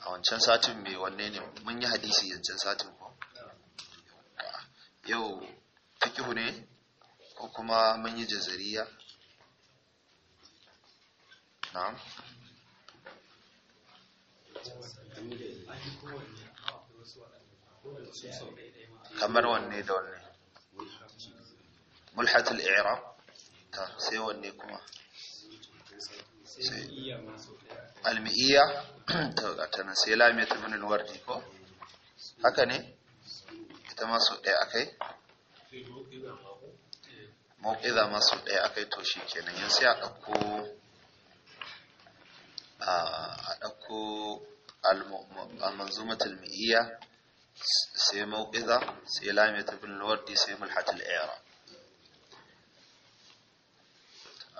a wancan satin mai wanne ne mun yi hadisi yancin satin ko yau fikihu ne ko kuma mun yi jazariya na'am kamar wanne da wanne mulhatul i'rab ta sai wanne kuma almi'iyya ta gata nan sai lamiyat min alwardi ko ita ma so ɗaya akai mauƙiza ma so ɗaya akai to shi kenan yanzu sai a ɗauko a ɗauko manzumatul mi'iyya sai mauƙiza sai lamiyat min alwardi sai mulhatul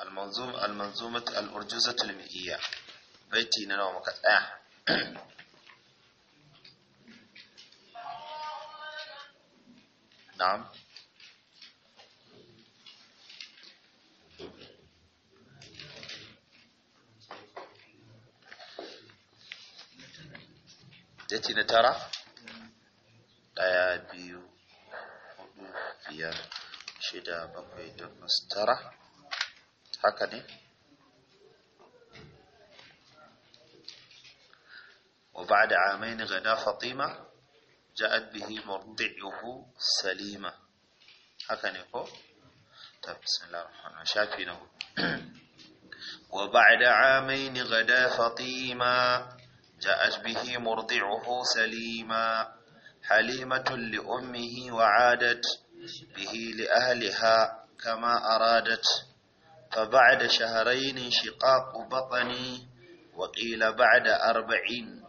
المنظومة المنظومة الأرجوزة المئية بيتي نوع مكتئة آه. نعم تأتي نترى لا بيو biyar shida bakwai takwas haka ne وبعد عامين غنى فاطمة جاءت به مرضعه سليمة هكذا نقول طيب بسم الله الرحمن الرحيم شافينا وبعد عامين غدا فطيما جاءت به مرضعه سليما حليمة لأمه وعادت به لأهلها كما أرادت فبعد شهرين شقاق بطني وقيل بعد أربعين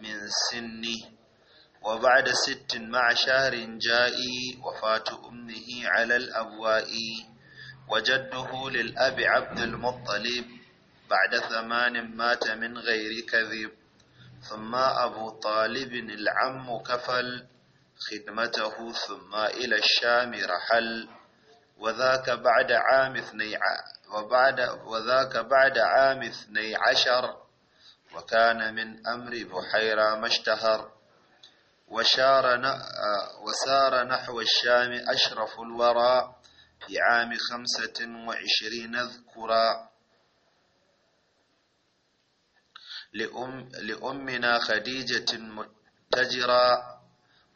من سني وبعد ست مع شهر جائي وفاة أمه على الأبواء وجده للأب عبد المطلب بعد ثمان مات من غير كذب ثم أبو طالب العم كفل خدمته ثم إلى الشام رحل وذاك بعد عام اثني وبعد وذاك بعد عام اثني عشر وكان من أمر بحيرة مشتهر وشار وسار نحو الشام أشرف الورى في عام خمسة وعشرين ذكرا لأم لأمنا خديجة متجرا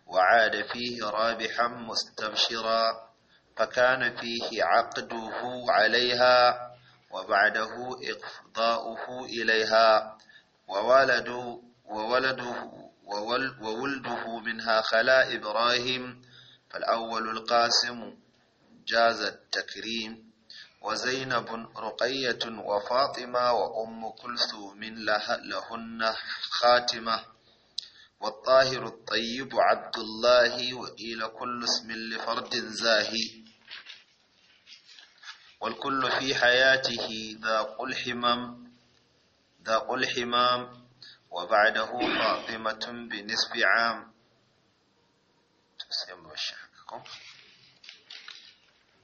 وعاد فيه رابحا مستبشرا فكان فيه عقده عليها وبعده إفضاؤه إليها وولد وولده وولده منها خلا إبراهيم فالأول القاسم جاز التكريم وزينب رقية وفاطمة وأم كلثوم لهن خاتمة والطاهر الطيب عبد الله وقيل كل اسم لفرد زاهي والكل في حياته ذا الحمام ذا الحمام وبعده فاطمة بنصف عام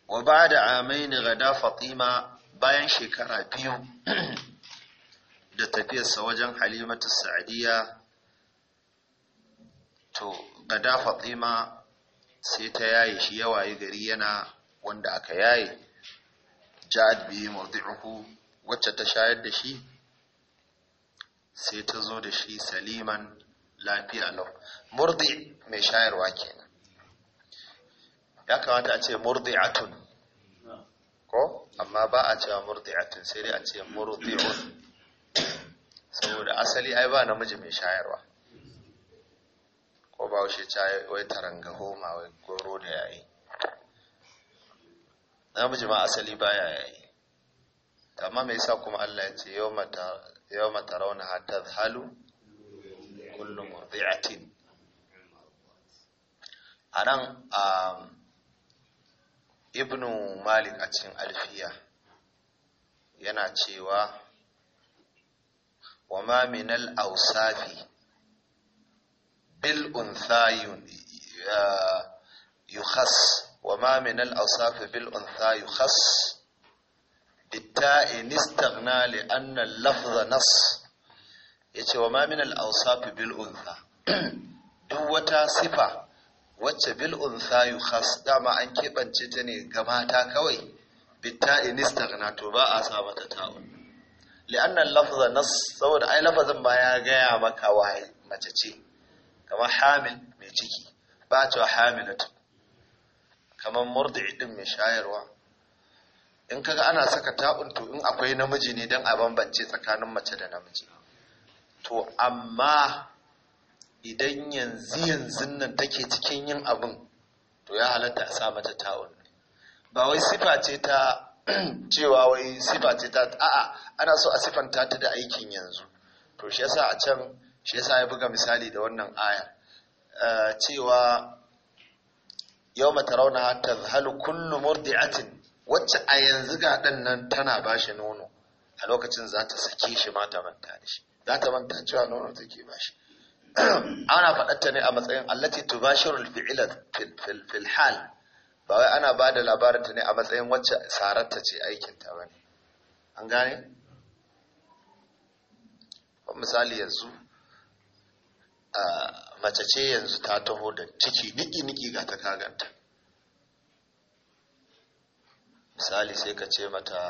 وبعد عامين غدا فاطمة bayan shekara biyu da tafiyarsa wajen halimatu sa'adiyya to gada fatima sai ta yaye shi yawaye gari yana wanda aka yaye ja'at bihi murdi'uhu wacce ta shayar da shi sai ta zo da shi saliman lafiya lau murdi mai shayarwa kenan ya kamata a ce murdi'atun ko amma ba a cewa murdi'atun sai dai a ce murdi'un saboda asali ai ba namiji mai shayarwa ko ba wuce wai tarangaho ma wai goro da yayi namiji ma asali baya yayi amma me yasa kuma Allah ya ce yawma tarawna hatta halu kullu murdi'atin anan um, ibnu malik a cikin alfiya yana cewa wa ma min al-awsafi bil untha uh, yukhas وما من الأوصاف بالأنثى يخص بالتاء استغنى لأن اللفظ نص yace wa ma min al-awsaf bil untha wata sifa wacce bil untha yukhas dama an keɓance ta ne ga mata kawai bitta inistaghna to ba a sa mata ta'un li'anna lafza nas saboda ai lafazin ba ya gaya maka waye mace ce kamar hamil mai ciki ba ta hamilatu kamar murdi'i din mai shayarwa in kaga ana saka ta'un to in akwai namiji ne dan a bambance tsakanin mace da namiji to amma idan yanzu yanzu nan take cikin yin abin to ya halatta a sa mata ta'un ba wai sifa ce ta cewa wai sifa ce ta a'a ana so a sifanta ta da aikin yanzu to shi yasa a can shi yasa ya buga misali da wannan aya eh, cewa yau mata rauna hatta zahalu kullu murdi'atin wacce a yanzu ga ɗan nan tana ba shi nono a lokacin za ta sake shi ma ta manta da shi za ta manta cewa nono take ba shi ana faɗarta ne a matsayin allati tubashirul fi'ila fil hal ba wai ana ba da labarinta ne a matsayin wacce sararta ce aikinta ta bane, an gane misali yanzu mace ce yanzu ta taho da ciki niki-niki ga ta kaganta misali sai ka ce mata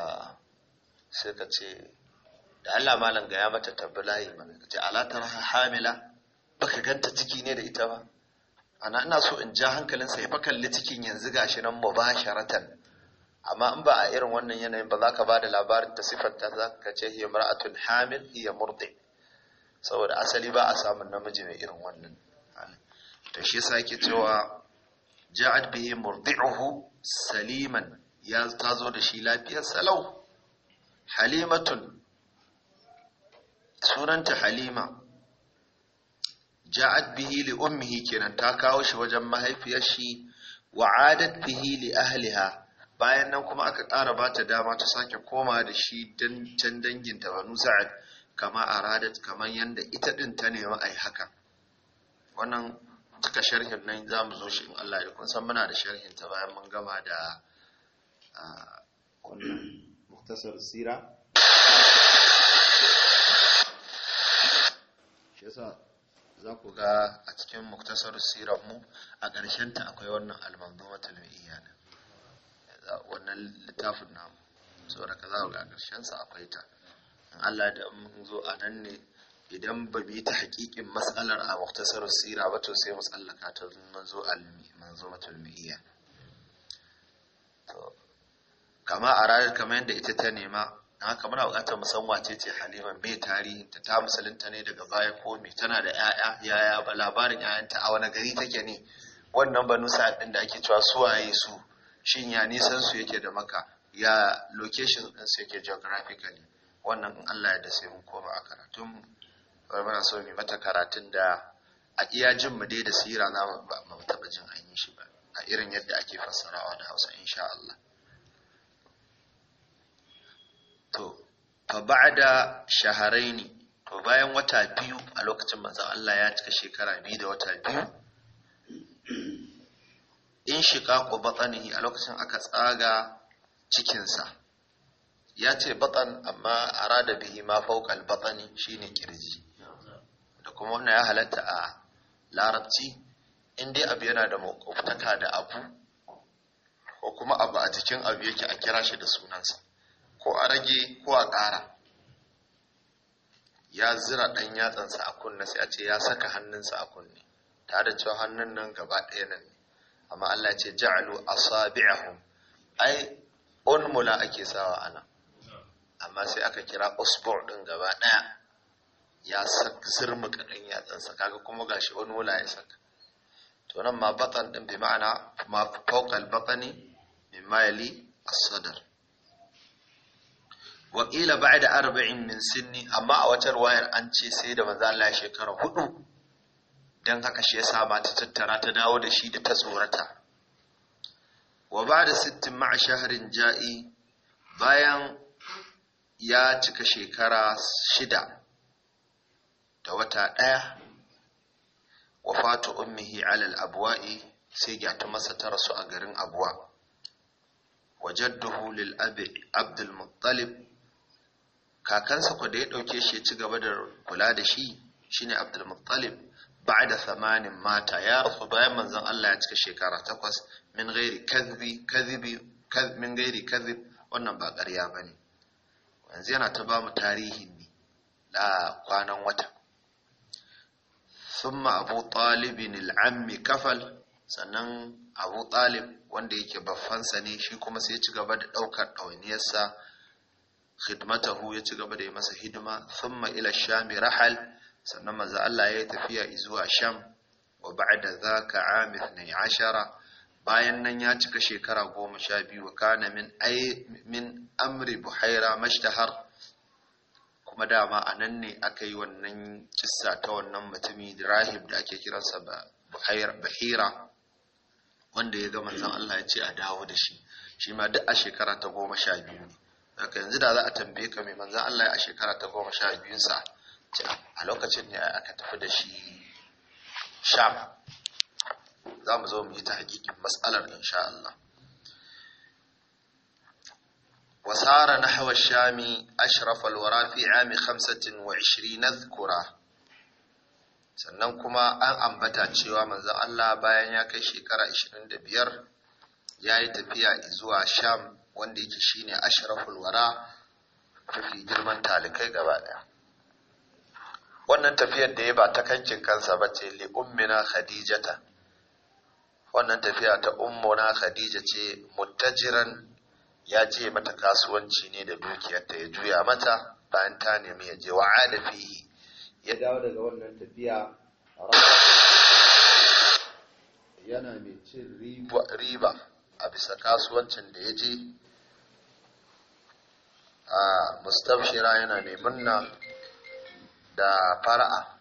sai ka ce da Allah malam ga ya mata tabbalahi mana ka ce alatar hamila baka ganta ciki ne da ita ba ana ina so in ja sai ya kalli cikin yanzu gashi nan mubasharatan amma in ba a irin wannan yanayin ba za ka ba da labarin ta sifar ta za ka ce hiya mar'atun hamil hiya murdi saboda asali ba a samun namiji mai irin wannan Ta shi sake cewa Ja'ad bihi murdi'uhu saliman ya zo da shi lafiyar salau halimatun sunanta halima Ja'ad bihi li ummihi kenan ta kawo shi wajen mahaifiyar shi wa adat bihi li ahliha bayan nan kuma aka ƙara ba ta dama ta sake koma da shi dan can danginta banu sa'ad kama aradat kamar yadda ita ɗin ta nema yi haka wannan cika sharhin nan za mu zo shi in Allah ya kun san muna da sharhin ta bayan mun gama da wannan muktasar sira shi yasa za ku ga a cikin muktasar sirar mu a ƙarshen ta akwai wannan mai iyana wannan littafin namu saboda ka za ku ga a ƙarshen sa akwai ta Allah da mun zo a nan ne idan ba bi ta haƙiƙin matsalar a muktasar sira ba to sai matsallaka ta zo almi manzo matulmiya to kama a rayu kamar yadda ita ta nema haka muna bukatar mu san wace ce Halima mai tarihi ta ta musulunta ne daga baya ko me tana da 'ya'ya yaya ba labarin 'ya'yanta a wani gari take ne wannan ba nusa din da ake cewa suwaye su shin ya nisan su yake da maka ya location din su yake geographically wannan in Allah ya da sai mun koma a karatun barbara muna so mu mata karatun da a iya jin mu dai da sira na ba mu taba jin an yi shi ba a irin yadda ake fassarawa da Hausa insha Allah to fa ba'da shaharaini to bayan wata biyu a lokacin manzon Allah ya cika shekara biyu da wata biyu in shiqaqu batnihi a lokacin aka tsaga cikinsa ya ce batan amma arada bihi ma fawqal batani shine kirji da kuma wannan ya halatta a larabci in abu yana da makwabtaka da abu ko kuma abu a jikin abu yake a kira shi da sunansa ko a rage ko a ƙara ya zira ɗan yatsansa a kunne sai a ce ya saka hannunsa a kunne tare da cewa hannun nan gaba ɗaya nan ne amma Allah ce ja'alu asabi'ahum ai ulmula ake sawa ana amma sai aka kira osbor din gaba daya ya sirmi yatsan sa, kaga kuma gashi wani wula ya saka to nan ma batan din bi ma'ana ma fawqa al-batani mimma yali as-sadr wa ila ba'da arba'in min sinni amma a wata ruwayar an ce sai da manzo Allah ya shekara hudu dan haka shi yasa ba ta tattara ta dawo da shi da ta tsorata wa ba'da sittin ma'a shahrin ja'i bayan ya cika shekara shida da wata ɗaya wafatu ummihi alal abuwa'i sai gyata masa ta rasu a garin abuwa wajaddahu lil abdul muttalib kakansa ku da ya ɗauke shi ya ci gaba da kula da shi shine abdul muttalib ba'da samanin mata ya rasu bayan manzon Allah ya cika shekara takwas min gairi kadhibi kadhibi min gairi wannan ba ƙarya bane yanzu yana ta ba mu tarihin ne na kwanan wata ma abu talibin al'ammi kafal sannan abu talib wanda yake baffansa ne shi kuma sai ya ci gaba da ɗaukar ɗauniyarsa khidmatahu ya ci gaba da yi masa hidima ma ila shami rahal sannan maza Allah ya yi tafiya zuwa sham wa ba'da zaka ami ashara bayan nan ya cika shekara goma sha biyu wa kana min amri buhaira mashtahar kuma dama a nan ne aka yi wannan kissa ta wannan mutumi rahib da ake kiransa bahira wanda ya ga manzon Allah ya ce a dawo da shi shi ma duk a shekara ta goma sha biyu ne haka yanzu da za a tambaye ka mai manzon Allah ya a shekara ta goma sha biyunsa a lokacin ne aka tafi da shi sham za mu zo mu yi ta hakikin matsalar insha Allah وصار نحو الشام أشرف الورى hamsatin wa خمسة na ذكرى sannan kuma an ambata cewa manzon Allah bayan ya kai shekara biyar ya yi tafiya zuwa Sham wanda yake shine ashraful wara mafi girman talikai gaba ɗaya wannan tafiyar da ya ba ta kankin kansa ba li ummina khadijata wannan tafiya ta ummuna khadija ce muttajiran ya je mata kasuwanci ne da dukiyarta ya juya mata bayan ta nemi ya je wa fihi ya dawo daga wannan tafiya yana mai cin riba a bisa kasuwancin da ya je a mustafshira yana mai murna da fara'a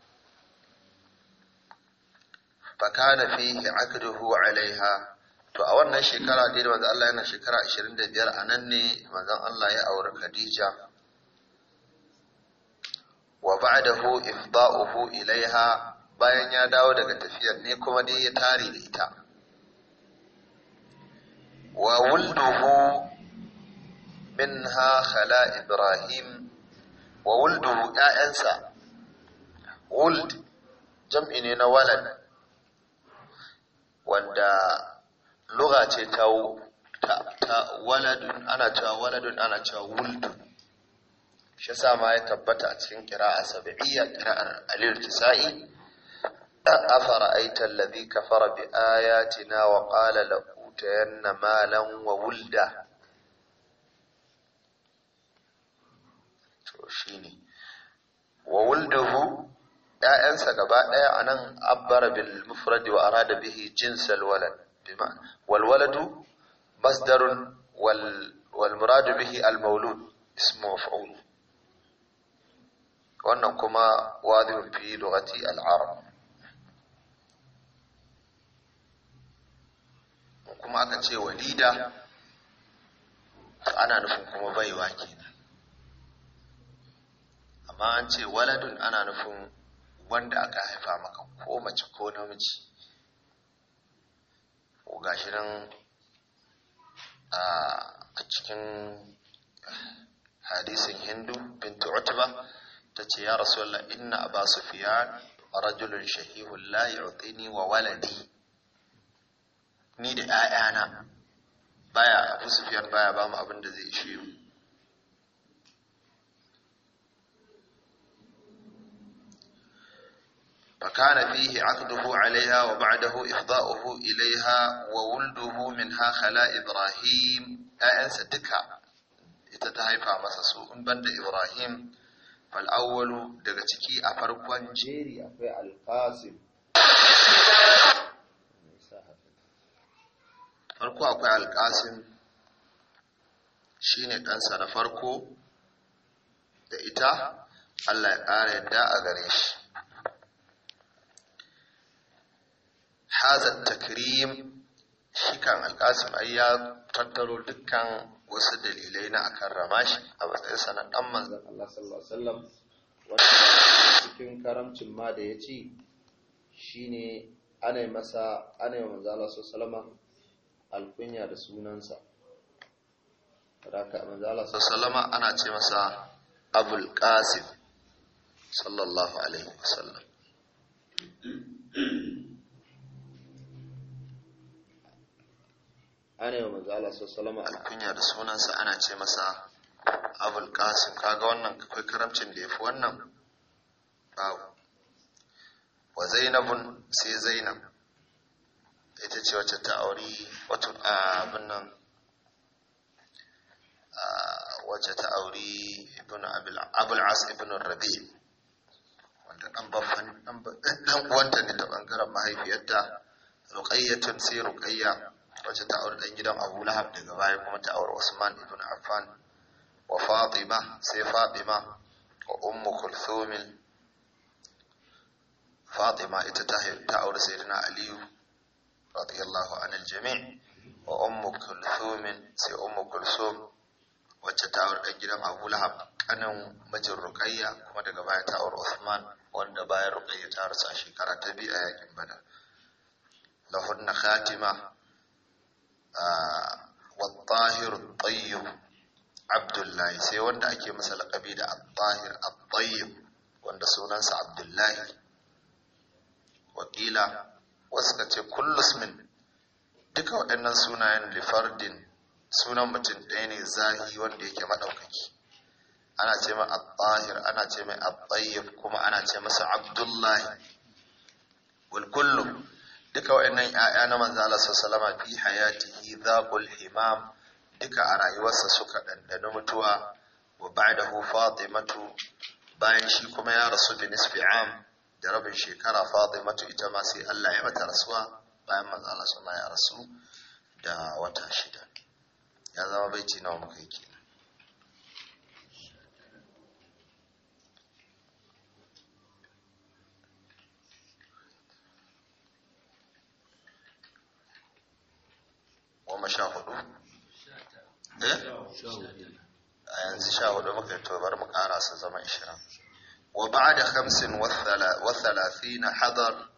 fakana fihi akduhu alaiha to a wannan shekara dai da manzon Allah yana shekara 25 a nan ne manzon Allah ya aure Khadija wa ba'dahu ifda'uhu ilaiha bayan ya dawo daga tafiyar ne kuma dai ya tare da ita wa wulduhu minha khala ibrahim wa wulduhu ƴaƴansa wuld jam'i ne na walad wanda lugha ce ta ta waladun ana cewa waladun ana cewa wuldun shi sa ma ya tabbata a cikin kira kira'a sab'iyya kira'ar alil kisa'i afara aita allazi kafara bi ayatina wa qala la utayanna malan wa wulda to shi ne wa wuldahu ‘ya'yansa gaba ɗaya a nan abbara bil mufradi wa arada bihi jinsal walad wal waladu masdarun wal muradu bihi al maulud ismu maf'ul wannan kuma wadihun fi lughati al arab kuma aka ce walida ana nufin kuma baiwa kenan amma an ce waladun ana nufin wanda aka haifa maka ko mace ko namiji ko gashi nan a cikin hadisin hindu bintu utba ta ce ya rasulallah inna aba sufiyan rajulun shahihun la yu'tini wa waladi ni da 'ya'yana baya abu sufiyan baya ba mu abin da zai ishe فكان فيه عقده عليها وبعده إفضاؤه إليها وولده منها خلا إبراهيم أأنس دكا تتهيفا مسسو إن بند إبراهيم فالأول دغتكي أفرقوان جيري أفي القاسم farko akwai alkasim shine ɗansa na farko da ita allah ya ƙara yadda a gare shi hazan takrim shi kan alkasim ai ya tattaro dukkan wasu dalilai na akan shi a matsayinsa na ɗan manzan Allah sallallahu alaihi wasallam cikin karamcin ma da ya ci shine ana masa ana yi manzan Allah sallallahu alaihi alkunya da sunansa raka manzan Allah sallallahu alaihi ana ce masa Abul Qasim sallallahu alaihi wasallam ana yi manzo sau salama a kunya da sunansa ana ce masa Abul kasim kaga wannan akwai karamcin da ya fi wannan babu wa Zainabun sai Zainab ita ce wacce ta auri wato a nan wacce ta auri ibn abul as ibn rabi wanda dan baffan dan uwanta ne ta bangaren mahaifiyarta ruqayyatun sai ruqayya wacce ta aure dan gidan Abu Lahab daga baya kuma ta auri Usman ibn Affan wa Fatima sai Fatima wa Ummu Kulthum Fatima ita ta ta auri Sayyidina Aliyu radiyallahu anil jami' wa Ummu Kulthum sai Ummu Kulthum wacce ta aure dan gidan Abu Lahab kanin mijin Ruqayya kuma daga baya ta aure Usman wanda bayan Ruqayya ta rasu shekara ta biyu a yakin Badar lahunna khatima wattahiru tayyib abdullahi sai wanda ake masa laƙabi da attahir attayyib wanda sunansa abdullahi wakila wasu ka ce kullusmin duka waɗannan sunayen lifardin sunan mutum ɗaya ne zahi wanda yake maɗaukaki ana ce mai attahir ana ce mai attayyib kuma ana ce masa abdullahi wal kullum duka wa'annan yaya na manzo Allah sallallahu alaihi wasallam fi hayati dhaqul himam duka a rayuwarsa suka dandano mutuwa wa ba'dahu fatimatu bayan shi kuma ya rasu bi nisfi am da rabin shekara fatimatu ita ma sai Allah ya mata rasuwa bayan manzo Allah sallallahu alaihi ya rasu da wata shida ya zama baiti nawa muka yi kenan ومشاهده إيه؟ انزشاهده مكتوب برمك على سزم إشرام وبعد خمس وثلاثين حضر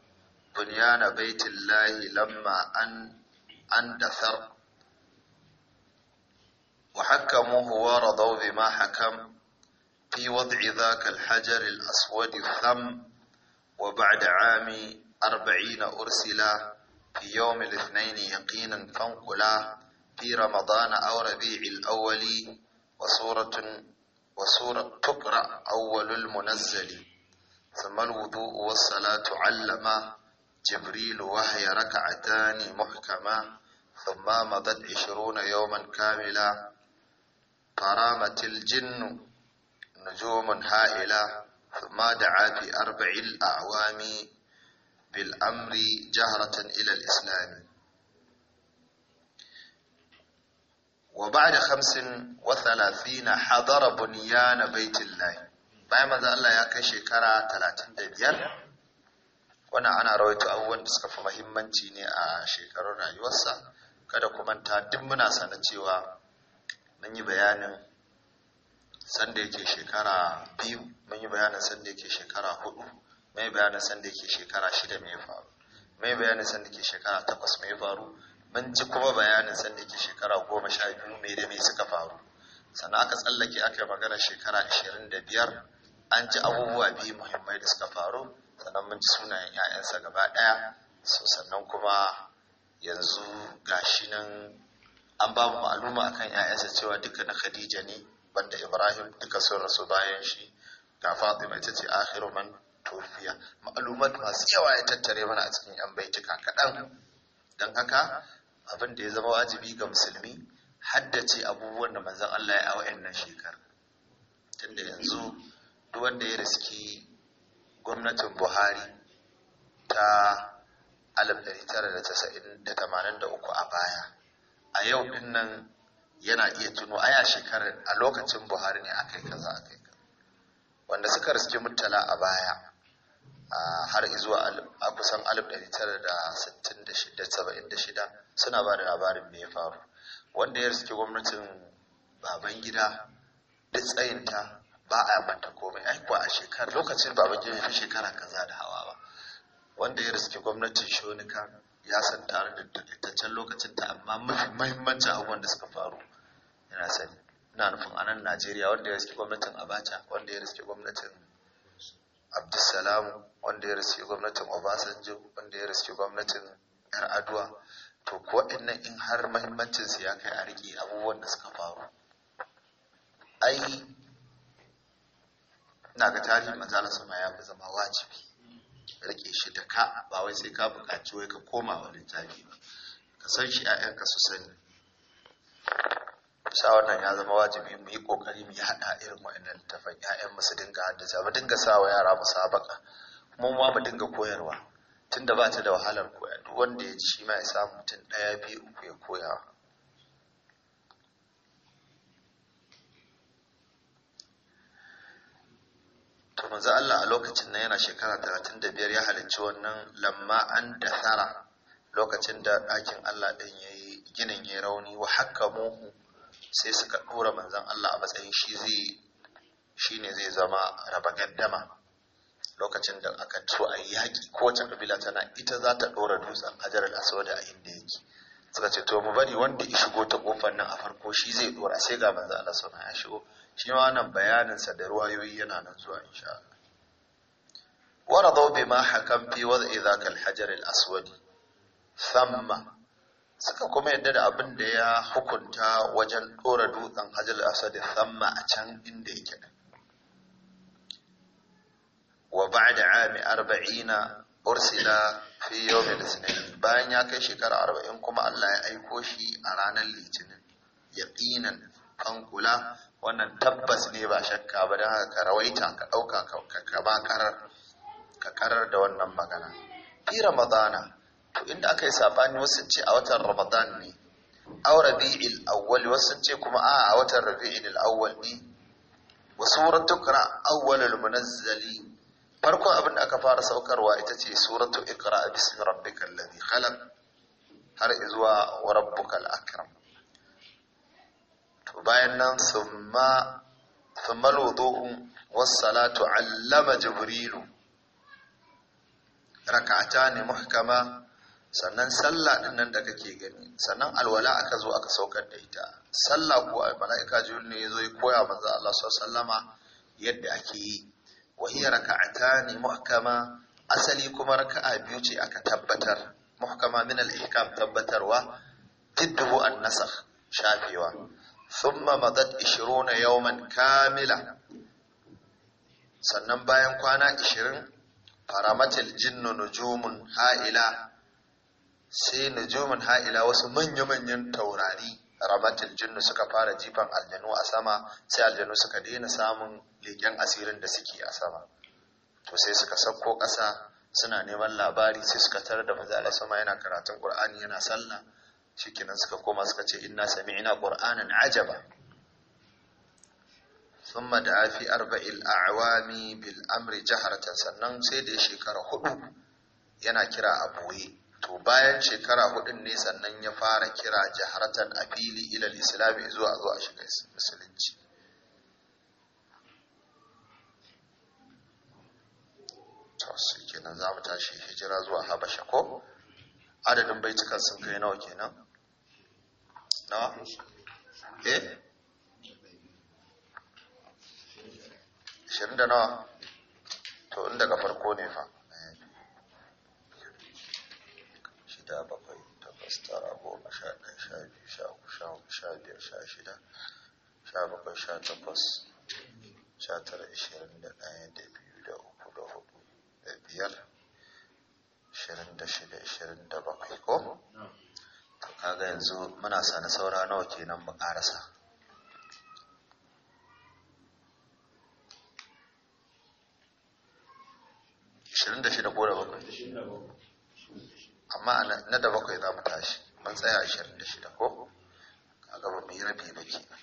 بنيان بيت الله لما أن أندثر وحكموه ورضوا بما حكم في وضع ذاك الحجر الأسود الثم وبعد عام أربعين أرسله في يوم الاثنين يقينا فانقلا في رمضان أو ربيع الأول وصورة وصورة تقرأ أول المنزل ثم الوضوء والصلاة علما جبريل وهي ركعتان محكما ثم مضت عشرون يوما كاملا فرامت الجن نجوم هائلة ثم دعا في أربع الأعوام بالأمر جهرة إلى الإسلام وبعد خمس وثلاثين حضر بنيان بيت الله bayan manzo Allah ya kai shekara talatin da biyar? wannan ana rawaito abubuwan da suka fi muhimmanci ne a shekarun rayuwarsa kada ku manta duk muna sanar cewa mun yi bayanin sanda yake shekara biyu mun yi bayanin sanda yake shekara hudu mai bayanin sanda ke shekara shida mai faru mai bayanin sanda ke shekara takwas mai faru mun ji kuma bayanin sanda ke shekara goma sha biyu mai da mai suka faru sannan aka tsallake aka yi magana shekara ashirin da biyar an ji abubuwa biyu muhimmai da suka faru sannan mun ji sunayen 'ya'yansa gaba ɗaya so sannan kuma yanzu gashi nan an ba mu ma'aluma akan 'ya'yansa cewa duka na khadija ne banda ibrahim duka sun rasu bayan shi ga fatima ita ce akhiru man alfiya ma'alumat masu yawa ya tattare mana a cikin yan baituka kaɗan don haka abin da ya zama wajibi ga musulmi haddace abubuwan da manzan Allah ya awa shekar tun tunda yanzu duk wanda ya riski gwamnatin Buhari ta 1983 a baya a yau din yana iya tuno aya shekarar a lokacin Buhari ne akai kaza akai wanda suka riski mutala a baya har zuwa a kusan 1966 suna ba da labarin mai ya faru wanda ya riske gwamnatin baban gida duk tsayinta ba a manta komai aikuwa a shekar lokacin baban gida fi shekara kaza da hawa ba wanda ya riske gwamnatin shonika ya san tare da dukkan lokacin ta amma mafi mahimmanci abubuwan da suka faru yana sani ina nufin a nan najeriya wanda ya riske gwamnatin abacha wanda ya riske gwamnatin abdulsalam wanda ya rasu gwamnatin obasanjo wanda ya rasu gwamnatin yar aduwa to ko nan in har mahimmancin su ya kai a riƙe abubuwan da suka faru ai na ga tarihin manzala sama ya fi zama wajibi rike shi da ka ba wai sai ka buƙaci wai ka koma wa littafi ba ka san shi 'ya'yanka su sani bisa wannan ya zama wajibi mu yi kokari mu haɗa irin wa'annan littafan yayan su dinga haddace mu dinga sa wa yara musabaka mu ma mu dinga koyarwa tunda ba ta da wahalar koya duk wanda ya ci ma ya samu mutum ɗaya biyu uku ya koya to manzo Allah a lokacin nan yana shekara 35 ya halicci wannan lamma an dasara lokacin da ɗakin Allah ɗin yayi ginin yayi rauni wa muhu sai suka ɗora manzan Allah a matsayin shi zai shi ne zai zama raba gaddama lokacin da aka so a yaƙi kowace ƙabila tana ita za ta ɗora dutsen hajar al'aswada a inda yake suka ce to mu bari wanda ya shigo ta kofar nan a farko shi zai ɗora sai ga manzan Allah sau ya shigo shi ma wannan bayaninsa da ruwayoyi yana nan zuwa insha Allah ورضوا بما حكم wadda وضع ذاك الحجر الأسود ثم suka kuma yadda da abin da ya hukunta wajen ɗora dutsen hajjal asadi samma a can inda yake da ba da ami arba'ina ursila fi yawmin bayan ya kai shekara arba'in kuma Allah ya aiko shi a ranar litinin yaqinan kan kula wannan tabbas ne ba shakka ba da haka ka rawaita ka ɗauka ka ba karar da wannan magana fi ramadana to inda aka yi sabani wasu ce a watan ramadan ne aw rabi'il awwal wasu ce kuma a a watan rabi'il awwal ne wa suratu qira awwalul munazzali farkon abin da aka fara saukarwa ita ce suratu ikra bismi rabbikal ladhi khalaq har zuwa wa rabbukal akram to bayan nan summa summa alwudu was-salatu allama jibrilu raka'atani muhkama sannan sallah din nan da kake gani sannan alwala aka zo aka saukar da ita sallah ko mala'ika jibril ne yazo ya koya manzo Allah sallama yadda ake yi wa hiya raka'atani muhkama asali kuma raka'a biyu ce aka tabbatar muhkama min al-ihkam tabbatarwa tiddu an-nasakh shafewa thumma madat 20 yawman kamila sannan bayan kwana 20 faramatil jinnu nujumun ha'ila sai nujumin ha'ila wasu manya-manyan taurari ramatul jinnu suka fara jifan aljanu a sama sai aljanu suka daina samun leƙen asirin da suke a sama to sai suka sauko ƙasa suna neman labari sai suka tarar da manzo sama yana karatun Qur'ani yana sallah shikenan suka koma suka ce inna sami'na qur'anan ajaba thumma da'a fi arba'il a'wami bil amri jihar sannan sai da shekara hudu yana kira a boye to bayan shekara hudun ne sannan ya fara kira jaharatan a fili ilal islami zuwa zuwa shiga musulunci su kenan za mu tashi hijira zuwa habasha ko adadin baitukan sun kai nawa kenan nawa eh 20 da nawa to in daga farko ne fa shida bakwai takwas tara goma sha ɗaya sha biyu sha uku sha hudu sha biyar sha shida sha bakwai sha takwas sha tara ishirin da ɗaya da biyu da uku da hudu da biyar ishirin da shida ishirin da bakwai ko? kaga yanzu muna sani saura nawa kenan mu ƙarasa amma na da bakwai za mu tashi mun tsaya ashirin da shida ko a gaba mu yi rabi ba kenan